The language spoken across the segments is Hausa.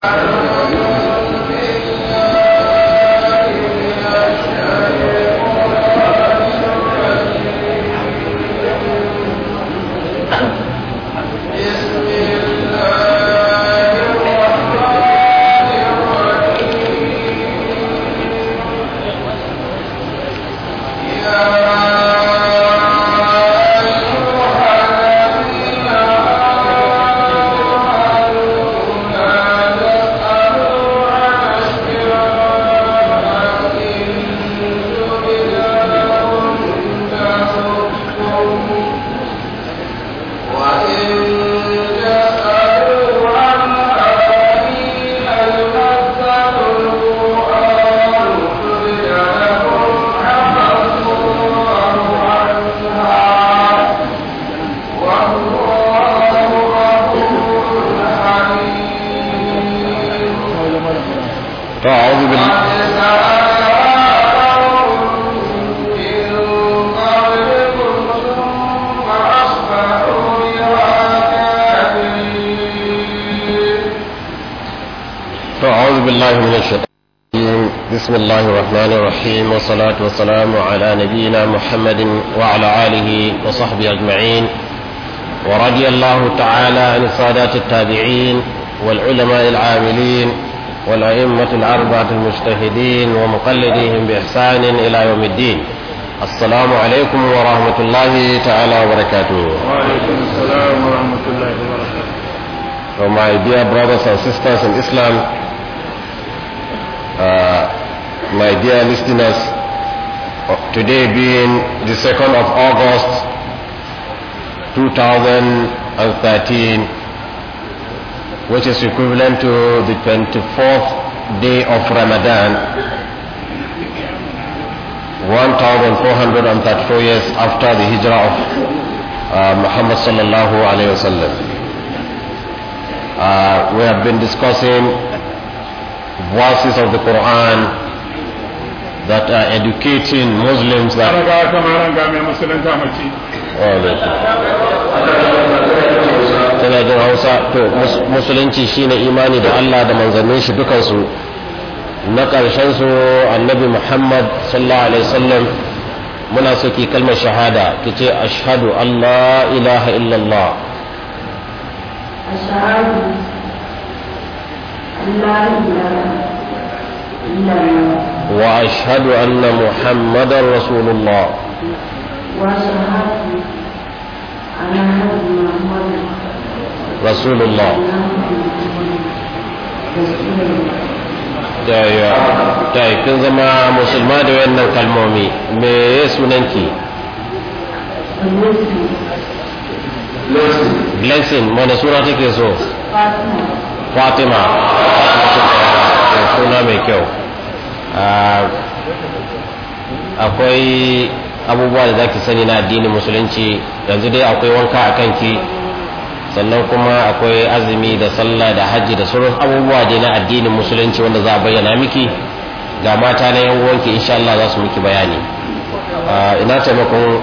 Thank you. والصلاة والسلام على نبينا محمد وعلى آله وصحبه أجمعين ورضي الله تعالى عن سادات التابعين والعلماء العاملين والأئمة الأربعة المجتهدين ومقلديهم بإحسان إلى يوم الدين السلام عليكم ورحمة الله تعالى وبركاته وعليكم السلام ورحمة الله وبركاته So my dear brothers and sisters in Islam, uh, my dear listeners, today being the 2nd of August 2013 which is equivalent to the 24th day of Ramadan 1434 years after the hijrah of uh, Muhammad sallallahu alayhi wasallam uh, we have been discussing verses of the Quran that are educating Muslims that. tana jin hausa to musulunci ne imani da Allah da manzannin shi dukansu na ƙarshen su annabi Muhammad sallallahu alaihi wasallam muna so ki kalmar shahada ki ce Ashadu Allah ilaha illallah Ashadu Allah ilaha illallah وأشهد أن محمدا رسول الله رسول الله داي داي كن زما مسلم دا وينن كلمومي مي سننكي بلسين من سورة كيسو فاطمة فاطمة سنة مي كيو akwai abubuwa da zaki sani na addinin musulunci yanzu dai akwai wanka a kanki sannan kuma akwai azumi da sallah da hajji da sauran abubuwa dai na addinin musulunci wanda za a bayyana miki ga mata na yan uwanki insha Allah za su miki bayani ina taimakon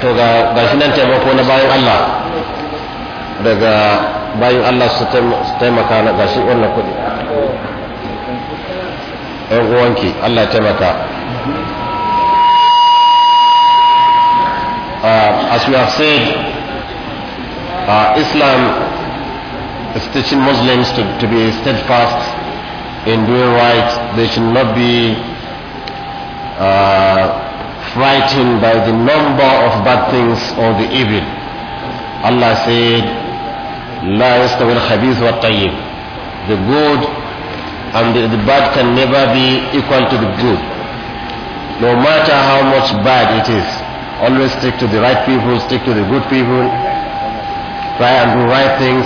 to ga shi nan taimako na bayan Allah daga bayan Allah su taimaka na gashi wannan kuɗi uwanki Allah taimaka uh, as we have said uh, Islam is teaching Muslims to, to be steadfast in doing right they should not be uh, frightened by the number of bad things or the evil Allah said لا الخبيث والطيب the good and the bad can never be equal to the good. No matter how much bad it is, always stick to the right people, stick to the good people, try and do right things,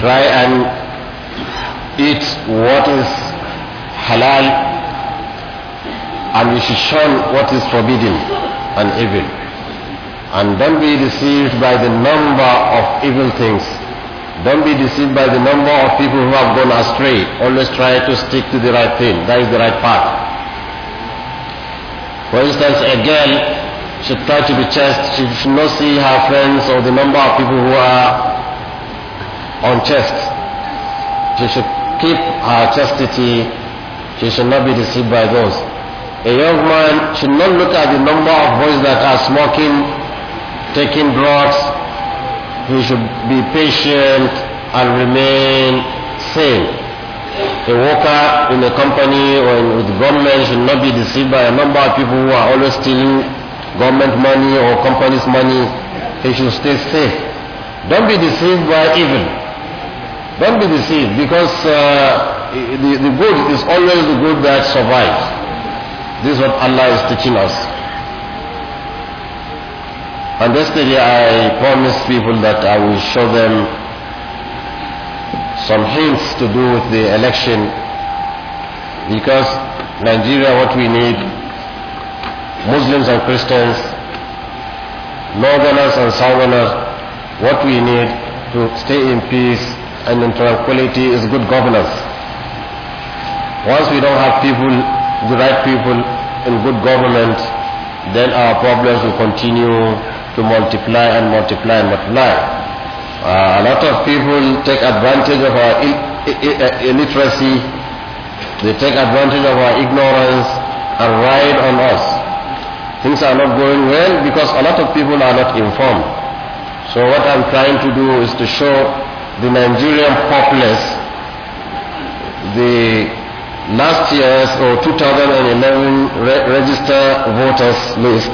try and eat what is halal, and you should shun what is forbidden and evil. And don't be deceived by the number of evil things Don't be deceived by the number of people who have gone astray. Always try to stick to the right thing. That is the right path. For instance, a girl should try to be chaste. She should not see her friends or the number of people who are on chaste. She should keep her chastity. She should not be deceived by those. A young man should not look at the number of boys that are smoking, taking drugs, he should be patient and remain sane. A worker in a company or in, with government should not be deceived by a number of people who are always stealing government money or company's money. He should stay safe. Don't be deceived by evil. Don't be deceived because uh, the, the good is always the good that survives. This is what Allah is teaching us. And yesterday I promised people that I will show them some hints to do with the election because Nigeria, what we need, Muslims and Christians, Northerners and Southerners, what we need to stay in peace and in tranquility is good governance. Once we don't have people, the right people in good government, then our problems will continue to multiply and multiply and multiply. Uh, a lot of people take advantage of our uh, illiteracy, they take advantage of our ignorance and ride on us. Things are not going well because a lot of people are not informed. So what I'm trying to do is to show the Nigerian populace the last year's or 2011 re register voters list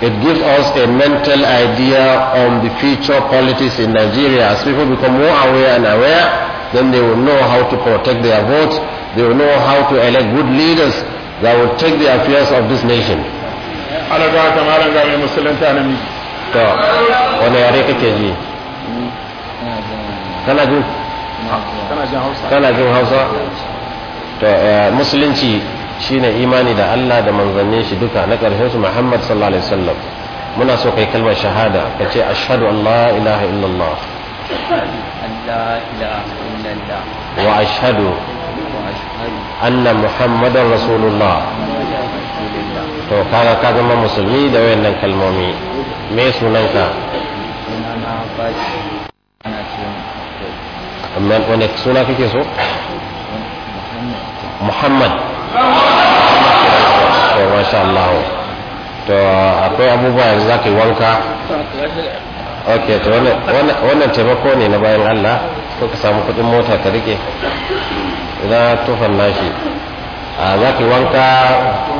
It gives us a mental idea on the future politics in Nigeria. As people become more aware and aware, then they will know how to protect their votes. They will know how to elect good leaders that will take the affairs of this nation. To, wani yare kake ji? Kana jin? Kana jin Hausa? To, eh, Musulunci shine imani da Allah da manzannin shi duka na ƙarshen su Muhammad sallallahu alaihi wasallam muna so kai kalmar shahada ka ce ashhadu an la ilaha illallah wa ashhadu anna muhammadan rasulullah to kaga ka zama musulmi da wayannan kalmomi me sunanka wani suna kake so muhammad to eh, masha Allah to akwai abubuwa yanzu za ka yi wanka ok to wannan taimako ne na bayan Allah ko ka samu kudin mota ka rike za tufan nashi za ka yi wanka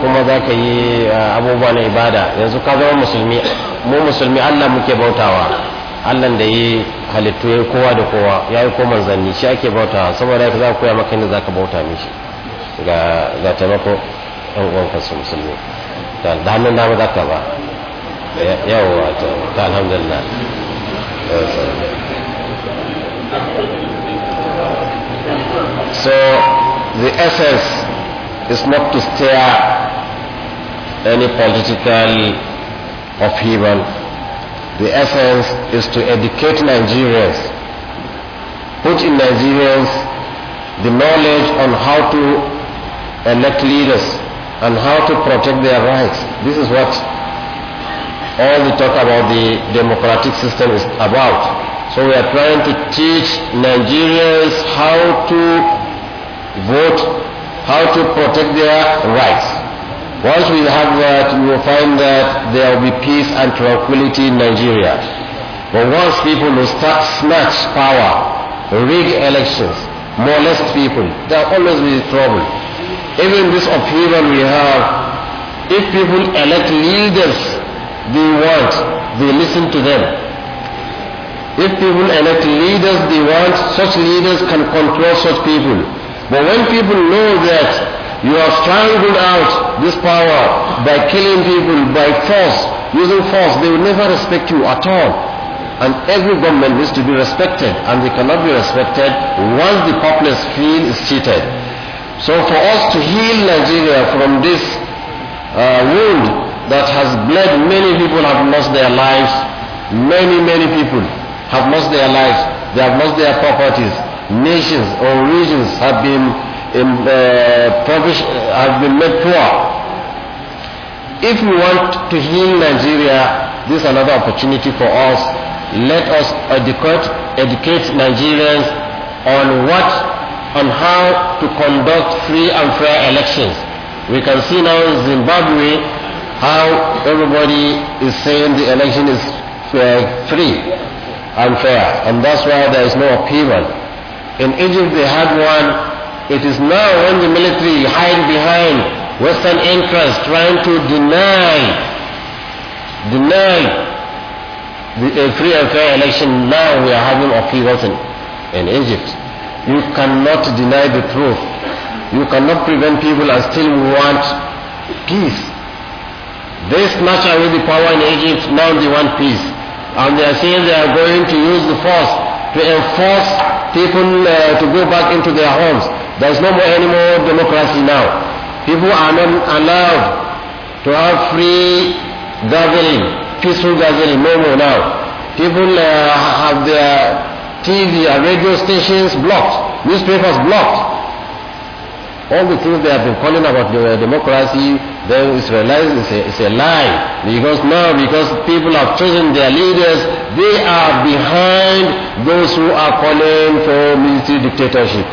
kuma za ka yi abubuwa na ibada yanzu ka zama musulmi mu musulmi allah muke bautawa allah da yi halittu ya kowa da kowa ya yi ko manzanni shi ake bautawa saboda haka za ku koya maka yadda za ka bauta mishi ga ɗan musulmi da damu da ka ba ta alhamdulillah so the essence is not to stir any political upheaval the essence is to educate Nigerians put in Nigerians the knowledge on how to elect leaders and how to protect their rights. This is what all the talk about the democratic system is about. So we are trying to teach Nigerians how to vote, how to protect their rights. Once we have that, we will find that there will be peace and tranquility in Nigeria. But once people will start snatch power, rig elections, molest people. There will always be trouble. Even this upheaval we have, if people elect leaders they want, they listen to them. If people elect leaders they want, such leaders can control such people. But when people know that you have strangled out this power by killing people by force, using force, they will never respect you at all. and every government needs to be respected and they cannot be respected once the populace feel is cheated. So for us to heal Nigeria from this uh, wound that has bled, many people have lost their lives, many, many people have lost their lives, they have lost their properties, nations or regions have been, in, um, uh, have been made poor. If we want to heal Nigeria, this is another opportunity for us let us educate, educate Nigerians on what, on how to conduct free and fair elections. We can see now in Zimbabwe how everybody is saying the election is uh, free and fair, and that's why there is no upheaval. In Egypt, they had one. It is now when the military hide behind Western interests trying to deny, deny the a uh, free and fair election now we are having occurring in Egypt. You cannot deny the truth. You cannot prevent people and still want peace. They snatch away the power in Egypt, now they want peace. And they are saying they are going to use the force to enforce people uh, to go back into their homes. There is no more any more democracy now. People are not allowed to have free gathering peaceful Ghazali Momo now. People uh, have their TV and radio stations blocked, newspapers blocked. All the things they have been calling about the, uh, democracy, then it's realized it's a, it's a lie. Because now, because people have chosen their leaders, they are behind those who are calling for military dictatorship.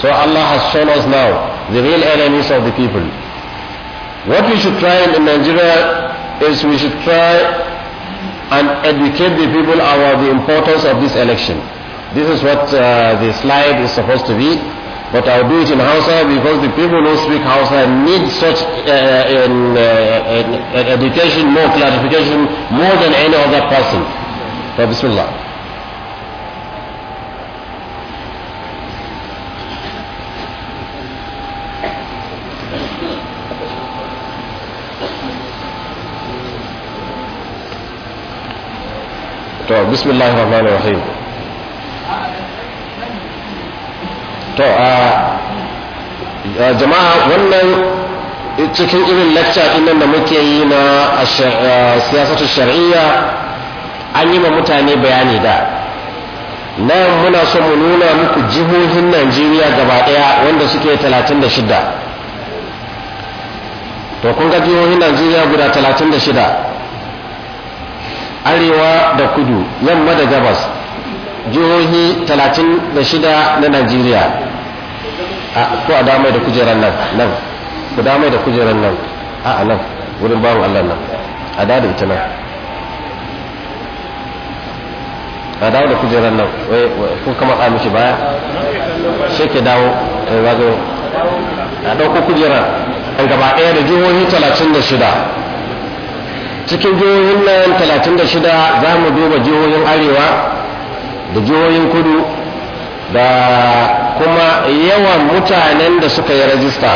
So Allah has shown us now the real enemies of the people. What we should try in Nigeria is we should try and educate the people about the importance of this election. This is what uh, the slide is supposed to be, but I'll do it in Hausa because the people who speak Hausa need such uh, an, uh, an education, more clarification, more than any other person. So, Bismillah. to bismillahir rahmanir rahim to a jama'a wannan cikin irin lacca din da muke yi na siyasatu shar'iyya an yi ma mutane bayani da nan muna so mu nuna muku jihohin najeriya gaba daya wanda suke 36 to kun ga jihohin najeriya guda 36 arewa da kudu yamma da gabas jihohi 36 na najeriya a ko a damai da kujerar nan nan ku damai da kujerar nan a nan wurin bawon allah nan a dada ita nan a dawo da kujerar nan ko kamar kama mishi baya shi ke dawo eh, a yi a ɗauko kujerar gaba ɗaya da jihohi 36 cikin jihohin nan 36 za mu duba jihohin arewa da jihohin kudu da kuma yawan mutanen da suka yi rajista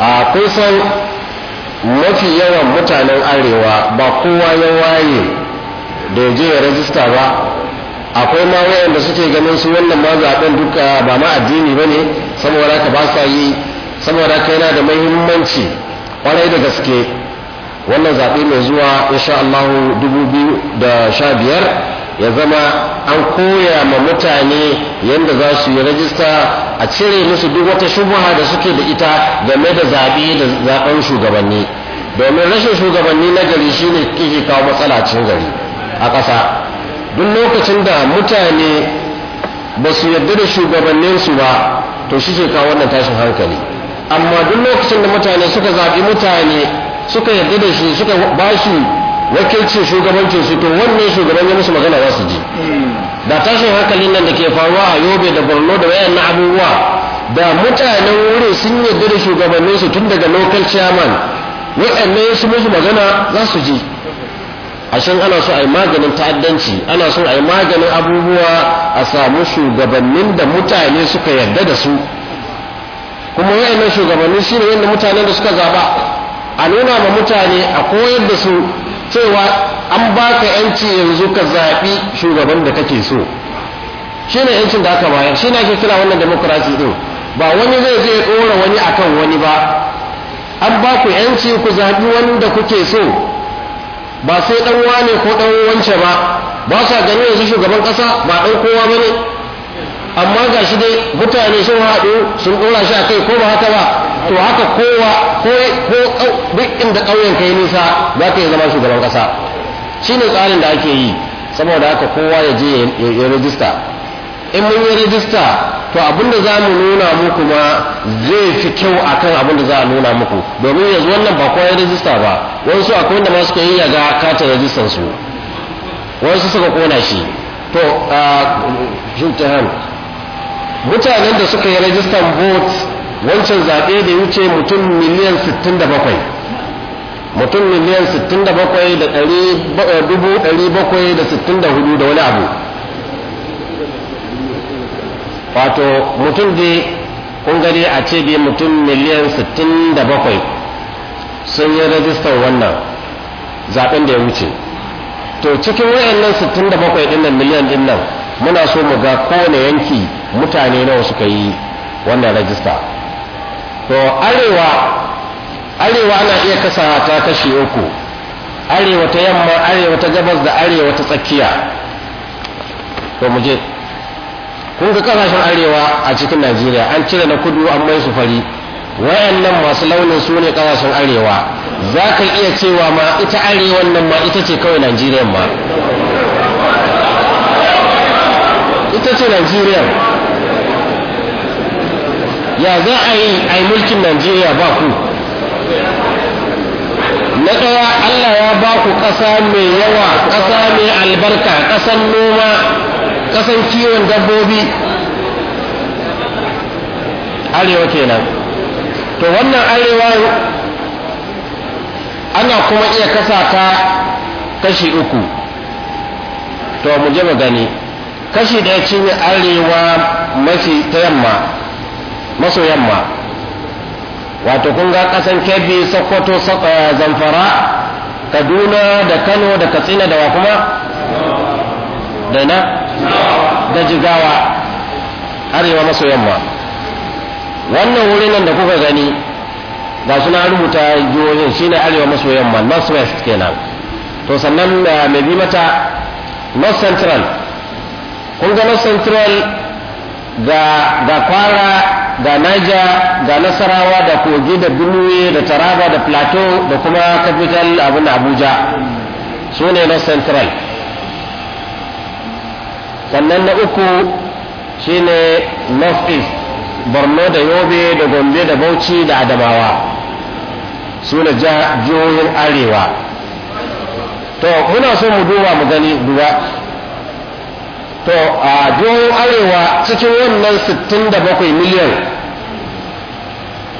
a kusan mafi yawan mutanen arewa ba kowa ya waye da ya je ya rajista ba akwai ma wayanda suke ganin su wannan ma zaben duka ba ma addini ba ne saboda ka ba sa yi saboda ka yana da mahimmanci kwarai da gaske wannan zaɓe mai zuwa insha Allah biyar ya zama an koya ma mutane yadda za su yi rajista a cire musu duk wata shubuha da suke da ita game da zaɓe da zaɓen shugabanni domin rashin shugabanni na gari shine ke kawo matsala cikin gari a ƙasa duk lokacin da mutane ba su yarda da shugabanninsu ba to shi ke kawo wannan tashin hankali amma duk lokacin da mutane suka zaɓi mutane suka yarda da shi suka ba shi wakilci shugabancin su to wannan shugaban ya musu magana za su ji da tashin hankalin nan da ke faruwa a yobe da borno da wayan na abubuwa da mutanen wuri sun yarda da shugabannin su tun daga local chairman waɗannan su musu magana za su ji ashin ana so a yi maganin ta'addanci ana so a yi maganin abubuwa a samu shugabannin da mutane suka yarda da su kuma wayannan shugabannin shine yadda mutanen da suka zaba a nuna ma mutane a koyar da su cewa an baka yanci yanzu ka zaɓi shugaban da kake so shi ne yancin da aka bayar shi ne ake kira wannan demokrasi ɗin, ba wani zai zai ɗora wani akan wani ba an ba ku yanci ku zaɓi wanda kuke so ba sai ɗan wane ko ɗan wance ba ba sa gani yanzu shugaban ƙasa ba ɗan kowa ba ne amma ga shi dai mutane sun haɗu sun ɗora shi a kai ko ba haka ba to haka kowa ko duk inda ƙauyen ka yi nisa za ka yi zama shugaban ƙasa shi ne tsarin da ake yi saboda haka kowa ya je ya rajista in mun yi rajista to abinda za mu nuna muku ma zai fi kyau akan abinda za a nuna muku domin yanzu wannan ba kowa ya rajista ba wasu akwai wanda ma suka yi ya ga kata rajistan su wasu suka kona shi to a ah, mutanen da suka yi rajistan vote wancan zaɓe da wuce mutum miliyan 67 mutum miliyan 67 da 764 eh, da wani abu wato mutum dai kun gani a ce dai mutum miliyan 67 sun yi rajistan wannan zaɓen da ya wuce to cikin wayannan 67 ɗin nan miliyan ɗin nan muna so mu ga kowane yanki mutane nawa suka yi wannan rajista to arewa arewa ana iya kasa ta kashi uku arewa ta yamma arewa ta gabas da arewa ta tsakiya to mu je kun ga kasashen arewa a cikin najeriya an cire na kudu an mai su fari wayannan masu launin su ne kasashen arewa za ka iya cewa ma ita arewa nan ma ita ce kawai najeriya ma ita ce najeriya ya za a yi a mulkin najeriya ba ku na ɗaya allah ya ba ku ƙasa mai yawa ƙasa mai albarka ƙasan noma ƙasan kiwon dabbobi arewa kenan to wannan arewa ana kuma iya kasa ta kashi uku to mu je mu gani kashi ɗaya shine arewa mafi ta yamma maso yamma wato kun ga ƙasan kebbi sokoto eh, zamfara kaduna da kano da katsina da wa kuma da na da jigawa arewa maso yamma wannan wurin nan da kuka gani ga suna rubuta jihohin shine arewa maso yamma north west kenan to sannan eh, mai bi mata north central kun ga central ga ga kwara ga naija ga nasarawa da kogi da benue da taraba da plateau da kuma capital abin abuja su ne na central sannan na uku shine north east borno da yobe da gombe da bauchi da adamawa su ne jihohin arewa to muna so mu duba mu gani duba to a jihohin arewa cikin wannan 67 miliyan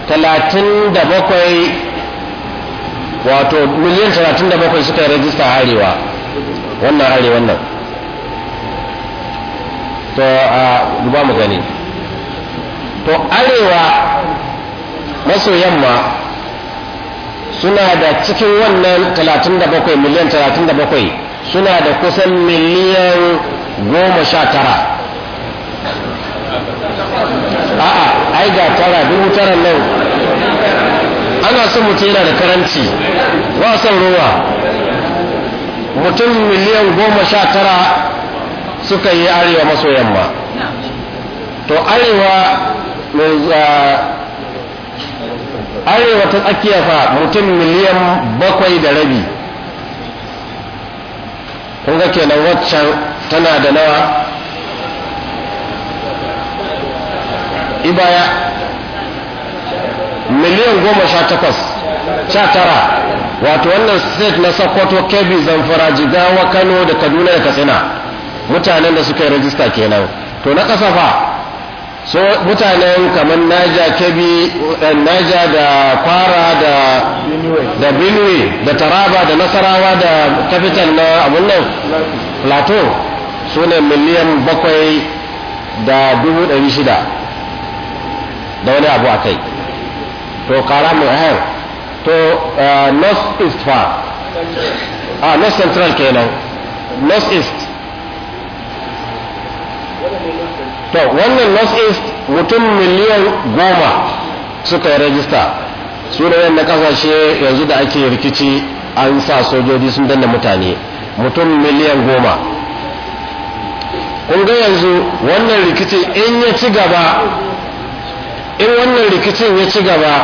37 wato miliyan 37 suka yi rajista arewa wannan arewa nan to a duba mu gani to arewa maso yamma suna da cikin wannan 37 miliyan 37 suna da kusan miliyan goma sha tara a'a ai ga tara dubu tara nan ana son mutum yana da karanci ba son ruwa mutum miliyan goma sha tara suka yi arewa maso yamma to arewa ah, arewa ta tsakiya fa mutum miliyan bakwai da rabi kun ga kenan waccan tana da nawa ibaya miliyan goma sha takwas sha tara wato wannan state na sokoto kebbi zamfara jigawa kano da kaduna da katsina mutanen da suka yi rajista kenan to na ƙasa fa so mutanen kamar naja kebbi eh, naja da kwara da da da taraba da nasarawa da capital na abun nan plateau su ne miliyan bakwai da dubu ɗari shida da wani abu a kai to kara mai ahem to eh, north east fa a ah, north central kenan north east to wannan north east mutum miliyan goma suka yi rajista su ne na kasashe yanzu da ake rikici an sa sojoji sun danna mutane mutum miliyan goma kun ga yanzu wannan rikicin in ya ci gaba in wannan rikicin ya ci gaba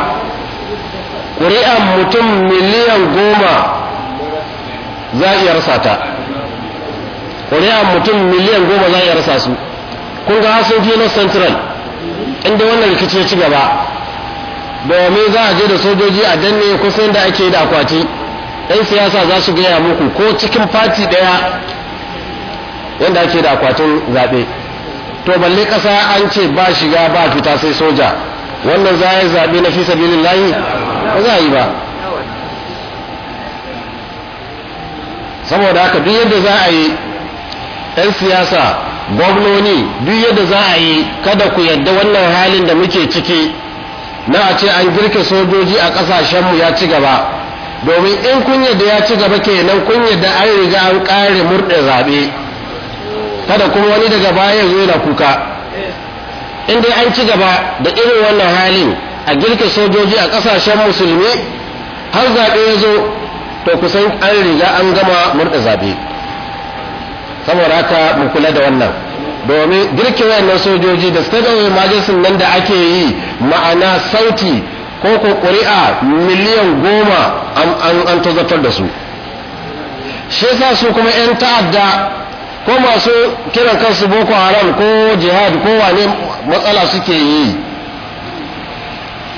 ƙuri'an mutum miliyan goma za a iya rasa ta ƙuri'an mutum miliyan goma za a iya rasa su kun ga sun fi na central inda wannan rikicin ya ci gaba domin za a je da sojoji a danne kusan da ake da akwati 'yan siyasa za su gaya muku ko cikin fati ɗaya yadda ake da akwatin zaɓe to balle ƙasa an ce ba shiga ba fita sai soja wannan za yi zaɓe na fi sabilin layi ba za a yi ba saboda haka duk yadda za a yi 'yan siyasa gwamnoni duk yadda za a yi kada ku yadda wannan halin da muke ciki na a ce an girke sojoji a ƙasashenmu ya ci gaba domin in kun yadda ya ci gaba kenan kun da an riga an ƙare murɗe zaɓe kada kuma wani daga baya zo yana kuka in dai an ci gaba da irin wannan halin a girka sojoji a ƙasashen musulmi har zaɓe ya zo to kusan an riga an gama murɗa zaɓe saboda haka mu kula da wannan domin girkin wannan sojoji da stagawai majalisun nan da ake yi ma'ana sauti ko ko ƙuri'a miliyan goma an tozartar da su shi yasa su kuma 'yan ta'adda ko masu kiran kansu boko haram ko jihad ko wane matsala suke yi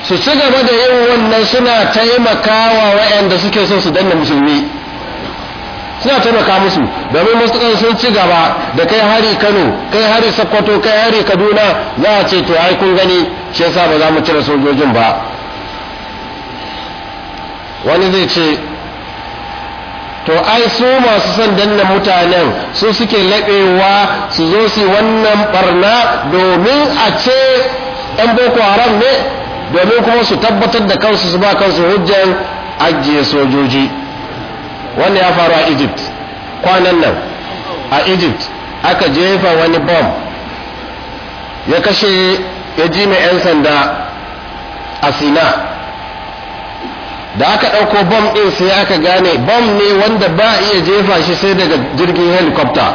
su ci gaba da yin wannan suna taimakawa wa'anda suke son su danna musulmi suna taimaka musu domin matuƙar sun ci gaba da kai hari kano kai hari sokoto kai hari kaduna za a ce to ai kun gani shi yasa ba za mu cire sojojin ba wani zai ce to ai su masu son danna mutanen su suke laɓewa su zo su wannan barna domin a ce ɗan boko haram ne domin kuma su tabbatar da kansu su ba kansu hujjan ajiye sojoji wannan ya faru a egypt kwanan nan a egypt aka jefa wani bom ya kashe ya ji mai 'yan sanda a sina da aka ɗauko bom ɗin sai aka gane bom ne wanda ba iya jefa shi sai daga jirgin helikopta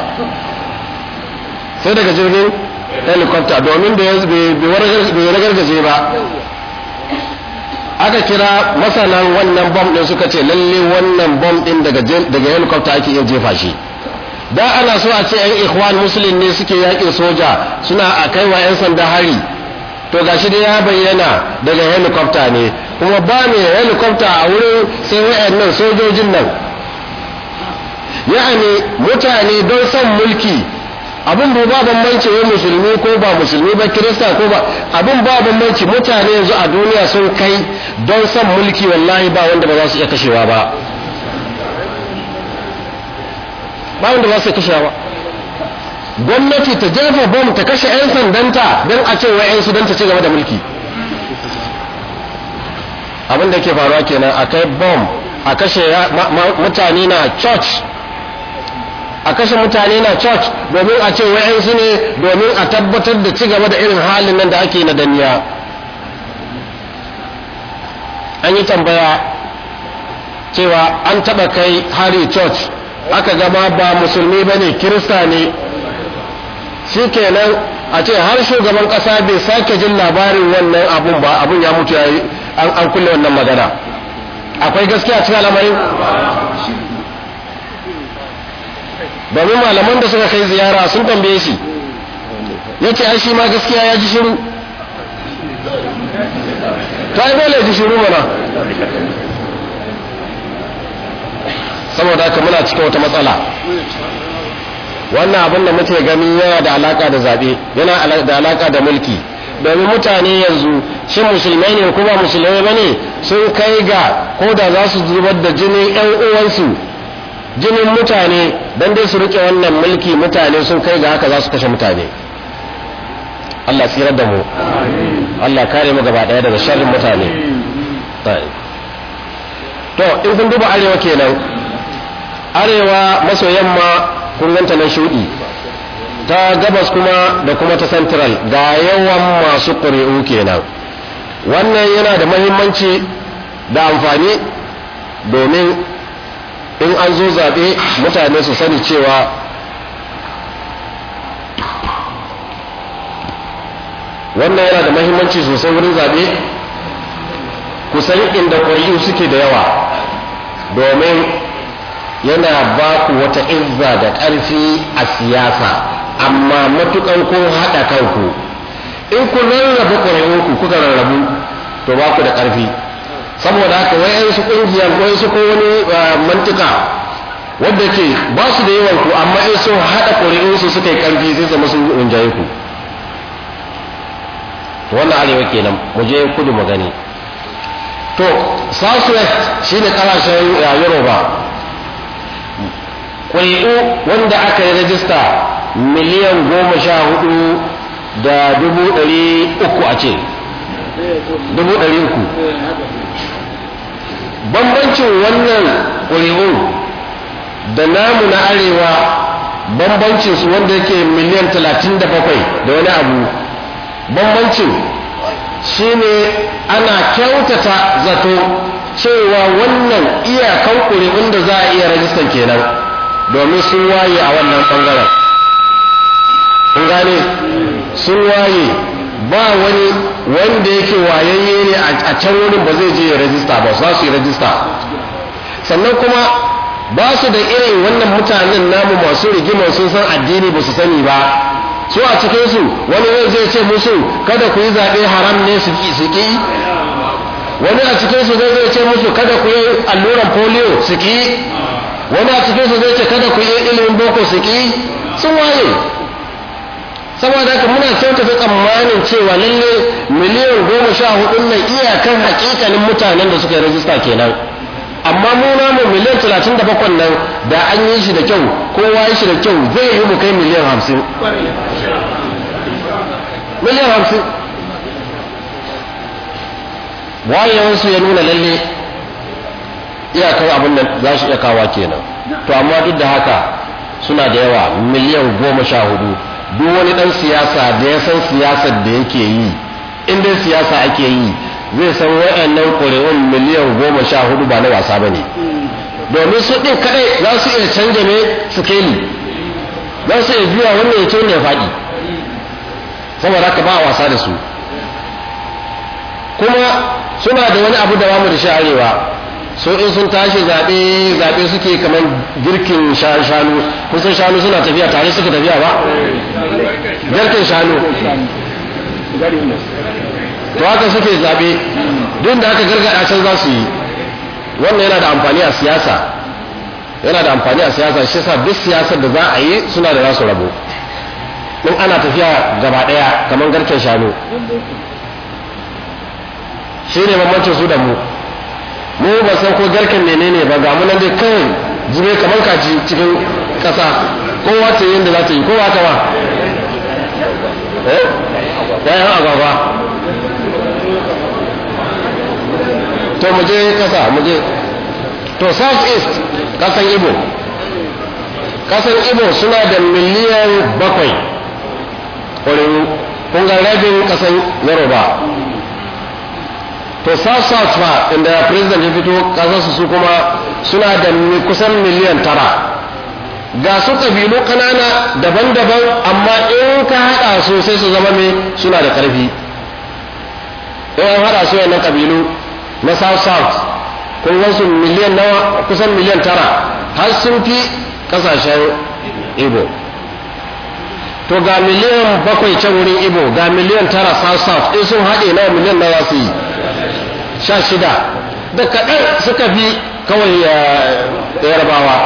sai daga jirgin helikopta domin da yanzu bai ragargaje ba aka kira masanan wannan bom ɗin suka ce lalle wannan bom ɗin daga helikopta ake iya jefa shi da ana so a ce 'yan ikhwan musulun ne suke yakin soja suna a kaiwa 'yan sanda hari to shi dai ya bayyana daga helikwafta ne kuma ba ne helikwafta a wurin sai nan sojojin nan ya'ani mutane don son mulki abin ba ba bambanci wa musulmi ko ba musulmi ba kirista ko ba abin ba bambanci mutane yanzu a duniya sun kai don son mulki wallahi ba wanda ba za su iya kashewa ba ba wanda ba su iya kashewa ba gwamnati ta jefa bom ta kashe 'yan sandanta don a ce wa 'yan su don ta ci gaba da mulki abin da ke faruwa kenan a kai bom a kashe mutane na church a kashe mutane na church domin a ce su ne domin a tabbatar da ci gaba da irin halin nan da ake na daniya. an yi tambaya cewa an taba kai hari church aka gama ba musulmi ba ne kirista ne shi kenan a ce har shugaban kasa bai sake jin labarin wannan abun ba abun ya mutu ya yi an kulle wannan magana akwai gaskiya cikin al'amarin domin malaman da suka kai ziyara sun tambaye shi ya ce an shi ma gaskiya ya ji shiru ta yi dole ji shiru mana saboda haka muna cikin wata matsala wannan abin da muke gani yana da alaka da zaɓe yana da alaka da mulki domin mutane yanzu shin musulmai ne kuma musulmai ba ne sun kai ga ko da za su zubar da jinin yan uwansu jinin mutane don dai su rike wannan mulki mutane sun kai ga haka za su kashe mutane Allah tsirar da mu Allah kare mu gaba daya daga sharrin mutane to in kun duba arewa kenan arewa maso yamma kun na shudi ta gabas kuma da kuma ta central ga yawan masu ƙuri'u kenan wannan yana da mahimmanci da amfani domin in an zo zaɓe mutane su sani cewa wannan yana da mahimmanci sosai wurin zaɓe kusan inda ƙuri'u suke da yawa domin yana ba ku wata izza da ƙarfi a siyasa amma matuƙan kun haɗa kanku in ku rarrabu ƙwararrunku kuka rarrabu to ba ku da ƙarfi saboda haka wai su ƙungiyar wai su ko wani eh, mantuka wadda ke ba su da yawan ku amma in sun haɗa ƙuri'unsu suka yi ƙarfi sai zama sun rinjaye ku wannan arewa kenan mu je kudu mu gani to south west shine ƙarashen eh, yoruba ƙuri'u wanda aka yi rajista miliyan goma sha hudu da dubu ɗari uku a ce dubu ɗari uku bambancin wannan ƙuri'un da namu na arewa bambancin su wanda yake miliyan talatin da bakwai da wani abu bambancin shi ne ana kyautata zato cewa wannan iyakan ƙuri'un da za a iya rajistan kenan domin sun waye a wannan bangaren kun gane sun waye ba wani wanda yake wayayye ne a can wani ba zai je ya rajista ba za su yi rajista sannan kuma ba su da irin wannan mutanen namu masu rigimar sun san addini ba su sani ba su a cikinsu wani zai zai ce musu kada ku yi zaɓe haram ne su ki wani a cikinsu zai zai ce musu kada ku yi alluran polio su ki wani a cikin su zai ce kada ku yi ilimin boko su ki sun waye saboda haka muna kyauta ta tsammanin cewa lalle miliyan goma sha hudun nan iyakan hakikanin mutanen da suka yi rajista kenan amma mu namu miliyan talatin da bakwai nan da an yi shi da kyau kowa yi shi da kyau zai yi mu kai miliyan hamsin miliyan hamsin wayewarsu ya nuna lalle iyakar abin da za su iya kawa kenan to amma duk da haka suna da yawa miliyan goma sha hudu duk wani dan siyasa da ya san siyasar da yake yi in dai siyasa ake yi zai san wa'annan ƙuri'un miliyan goma sha hudu ba na wasa ba ne domin su ɗin kaɗai za su iya canja ne sikeli za su iya biya wannan ya tone faɗi saboda haka ba wasa da su kuma suna da wani abu da ba da shi arewa so in sun tashi zaɓe zaɓe suke kamar girkin shanu kusan shanu suna tafiya tare suka tafiya ba Girkin shanu to haka suke zaɓe duk da aka gargaɗa can za su yi wannan yana da amfani a siyasa yana da amfani a siyasa shi sa duk siyasar da za a yi suna da rasu rabo in ana tafiya gaba ɗaya kamar garken shanu shi ne bambancin su da mu mu ba san ko garken menene ba ga munan dai kawai zube kamar kaji cikin kasa kowa ta yi yadda za ta yi kowa ta eh? ba eh yayan agwagwa to mu je kasa mu je to south east kasan ibo kasan ibo suna da miliyan bakwai kun ga rabin kasan yoruba to south south fa inda president ya fito kasarsu su kuma suna da kusan miliyan tara ga su ƙabilu ƙanana daban-daban amma in ka haɗa su sai su zama mai suna da ƙarfi in an haɗa su yana ƙabilu na south south kun wasu miliyan nawa kusan miliyan tara har sun fi ƙasashen igbo to ga miliyan bakwai can wurin ibo ga miliyan tara south south in sun haɗe nawa miliyan na su yi sha shida da kaɗan suka fi kawai eh, yarbawa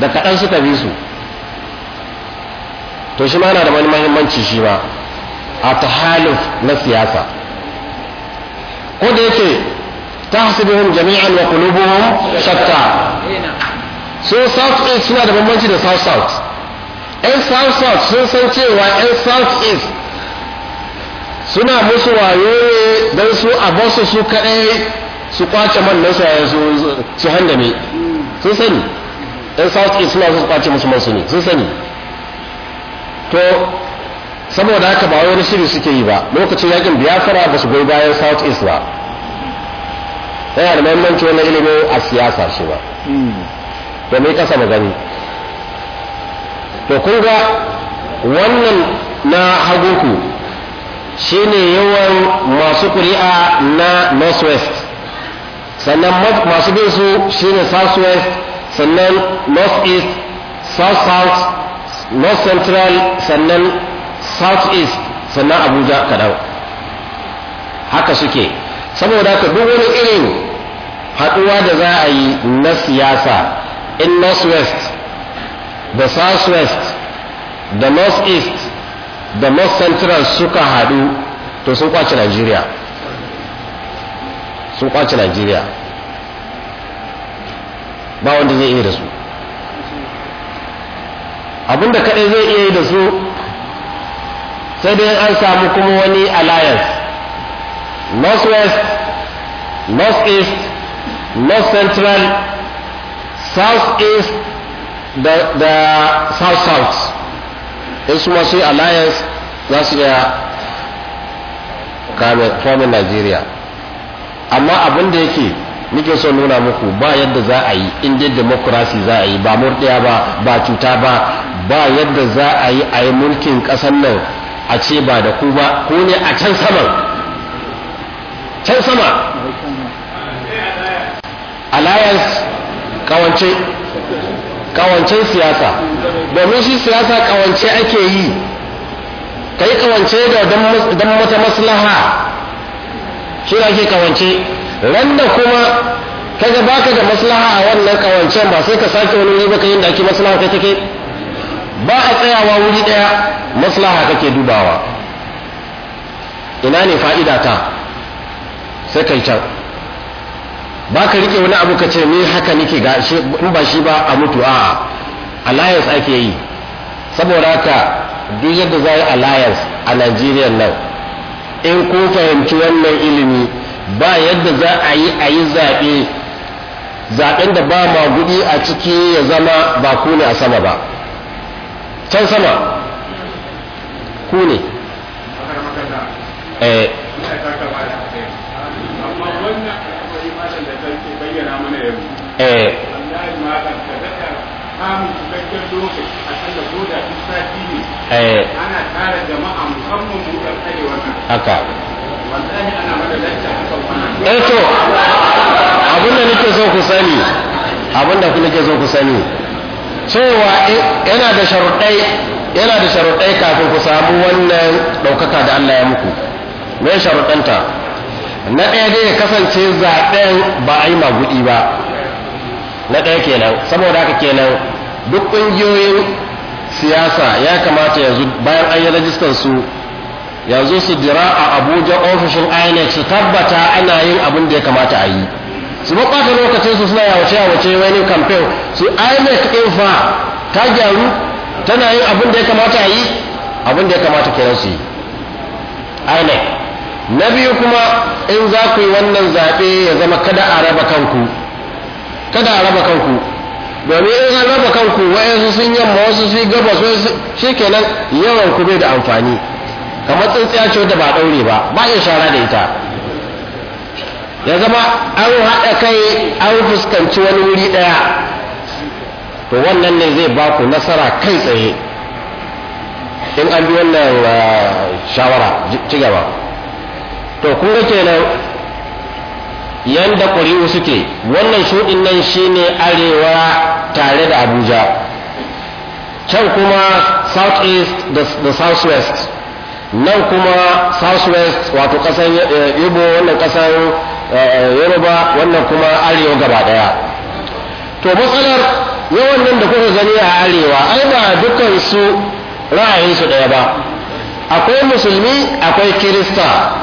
da kaɗan suka fi su to shi ma yana da wani mahimmanci shi ma a ta halif na siyasa ko da yake tahsibuhum jami'an wa qulubuhum shatta so south east suna da bambanci da south south 'yan south south sun san cewa 'yan south east suna musu wayo ne don su a basu su kaɗai su kwace man nasa su handame sun sani 'yan south east suna su kwace musu masu ne sun sani to saboda haka ba wani shiri suke yi ba lokacin yakin biyafara ba su goyi bayan south east ba yana da mahimmanci wani ilimin a siyasa shi ba domin hmm. kasa magani to kun ga wannan na hagunku shine yawan masu kuri'a na northwest sannan masu bin su shine southwest sannan northeast south south north central sannan southeast sannan abuja kadau haka suke saboda ka duk wani irin haɗuwa da za a yi na siyasa in northwest da southwest da north east da north central suka haɗu to sun kwace nigeria sun kwace nigeria ba wanda zai iya da su abinda kaɗai zai iya da su sai dai an samu kuma wani alliance north west north east north central south east da south south in su masu alliance za su iya kame kwamin nigeria amma abin da yake nike son nuna muku ba yadda za a yi inda demokrasi za a yi ba murdiya ba ba cuta ba ba yadda za a yi a yi mulkin kasan nan a ce ba da ku ba ku ne a can sama can sama alliance kawance kawancen siyasa domin shi siyasa kawance ake yi ka yi kawance da don wata maslaha shi ake kawance ran da kuma kaga baka da maslaha a wannan kawancen ba sai ka sake wani wuri baka ka ake maslaha kai take ba a tsayawa wuri daya maslaha kake dubawa ina ne fa'ida ta sai kai can ba ka rike wani abu ka ce ni haka nake ga in ba shi ba a mutu a alliance ake yi saboda ka duk yadda za yi alliance a Najeriya nan in ko fahimci wannan ilimi ba yadda za a yi a yi zaɓe zaɓen da ba ma guɗi a ciki ya zama ba ku ne a sama ba can sama ku ne eh. eh samun ana tara jama'a musamman mu da haka wallahi ana mada lacca haka eh to abin da nake so ku sani abin da nake so ku sani cewa eh, yana da sharuɗai yana da sharuɗai kafin ku samu wannan ɗaukaka da Allah ya muku me sharuɗanta na ɗaya dai ya kasance zaɓen ba a yi maguɗi ba na ɗaya kenan saboda haka kenan duk ƙungiyoyin siyasa ya kamata yanzu bayan an yi rajistar su yanzu su jira a abuja ofishin inec su tabbata ana yin abin da ya kamata a yi su bata lokacin su suna yawace yawace wani kamfen su inec ɗin fa ta gyaru tana yin abin da ya kamata a yi abin da ya kamata kenan su yi inec na biyu kuma in za ku yi wannan zaɓe ya zama kada a raba kanku kada a raba kanku domin in an raba kanku wayansu sun yamma wasu sun gabas wasu nan yawan ku da amfani kamar tsintsiya ce wata ba ɗaure ba ba ya shara da ita ya zama an haɗa kai an fuskanci wani wuri ɗaya to wannan ne zai ba ku nasara kai tsaye in an bi wannan ah, shawara ci gaba to kun ga kenan yanda ƙuri'u suke wannan shuɗin nan shine arewa tare da abuja can kuma south east da south west nan kuma south west wato ƙasar eh, ibo wannan ƙasar eh, yoruba wannan kuma arewa gaba ɗaya to matsalar yawan nan da kuka gani a arewa ai ba dukkan su ra'ayinsu ɗaya ba akwai musulmi akwai kirista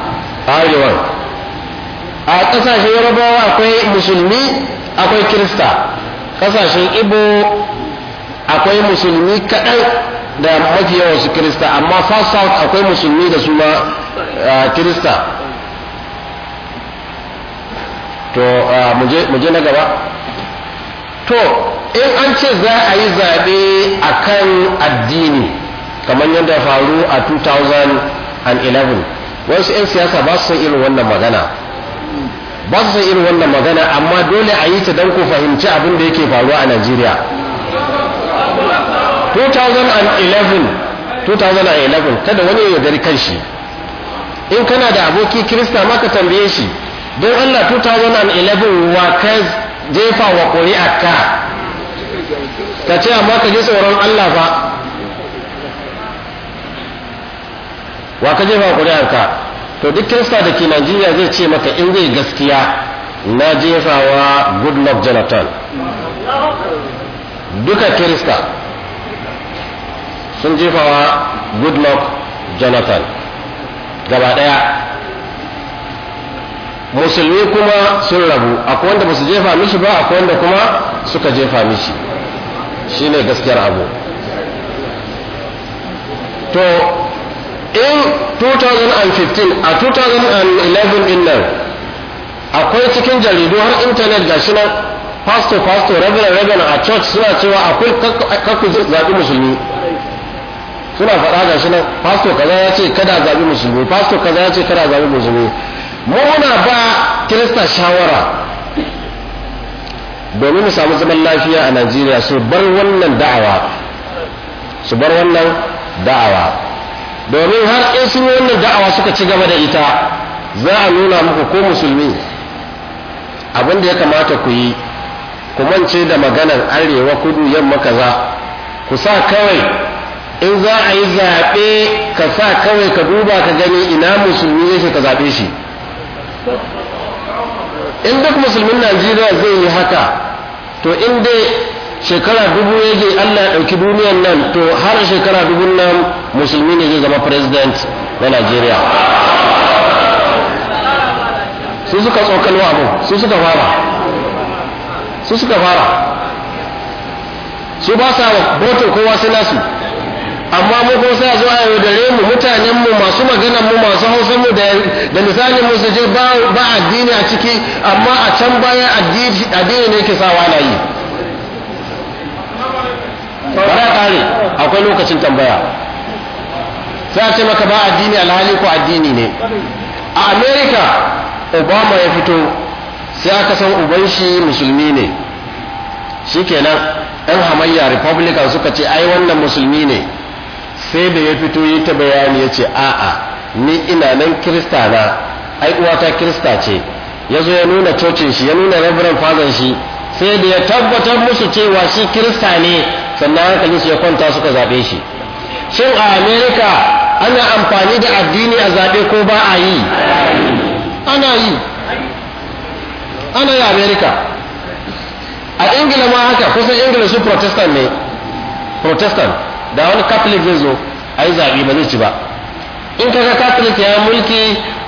a arewa a ƙasashen yarabawa akwai musulmi akwai kirista ƙasashen ibo akwai musulmi kaɗan da mafi yawa su kirista amma far akwai musulmi da su ma kirista to mu je na gaba to in an ce za a yi zaɓe a kan addini kamar yadda faru a 2011 wasu 'yan siyasa ba su san irin wannan magana ba su san irin wannan magana amma dole a yi ta don ku fahimci abin da yake faruwa a najeriya 2011 2011 kada wani ya gari kan shi in kana da aboki kirista maka tambaye shi don allah 2011 wa ka jefa wa ƙuri'a ka ka ce amma ka ji tsoron allah ba wa ka jefa wa ƙuri'a ka to duk kirista da ke najeriya zai ce maka in zai gaskiya na jefawa goodluck jonathan duka kirista sun jefawa goodluck jonathan gaba daya musulmi kuma sun rabu akwai wanda ba su jefa mishi ba akwai wanda kuma suka jefa mishi shine gaskiyar abu to in 2015 a 2011 din nan akwai cikin jaridu har intanet ga shi nan pastor pastor rabin rabin a church suna cewa akwai kakku zaɓi musulmi suna faɗa ga shi nan pastor kaza ya ce kada zaɓi musulmi pastor kaza ya ce kada zaɓi musulmi mu muna ba kirista shawara domin mu samu zaman lafiya a najeriya su bar wannan da'awa su bar wannan da'awa domin har in sun wannan da'awa suka ci gaba da ita za a nuna muku ko musulmi abin da ya kamata ku yi ku mance da maganar arewa kudu yamma kaza ku sa kawai in za a yi zaɓe ka sa kawai ka duba ka gani ina musulmi yake ka zaɓe shi in duk musulmin najeriya zai yi haka to in dai shekara dubu ya je Allah ɗauki duniyan nan to har shekara dubu nan musulmi ne zai zama president na Najeriya su suka tsokalwa abu su suka fara su suka fara su ba sa botin kowa su nasu amma mu ko sa zuwa yau da mu mutanen mu masu magana mu masu hausa mu da misalin mu su je ba addini a ciki amma a can baya addini ne ke sawa na yi bara kare akwai lokacin tambaya sai a ce maka ba addini alhali ko addini ne a Amerika obama ya fito sai aka san uban shi musulmi ne Shi shikenan yan hamayya republican suka ce ai wannan musulmi ne sai da ya fito yi ta bayani ya ce a'a ni ina nan kirista na ai uwata kirista ce ya zo ya nuna cocin shi ya nuna reverend father shi sai da ya tabbatar musu cewa shi kirista ne sannan hankali su ya kwanta suka zaɓe shi shin a america ana amfani da addini a zaɓe ko ba a yi ana yi ana yi america a ingila ma haka kusan ingila su protestant ne protestant da wani catholic zai zo a yi zaɓe ba zai ci ba in kaga catholic ya mulki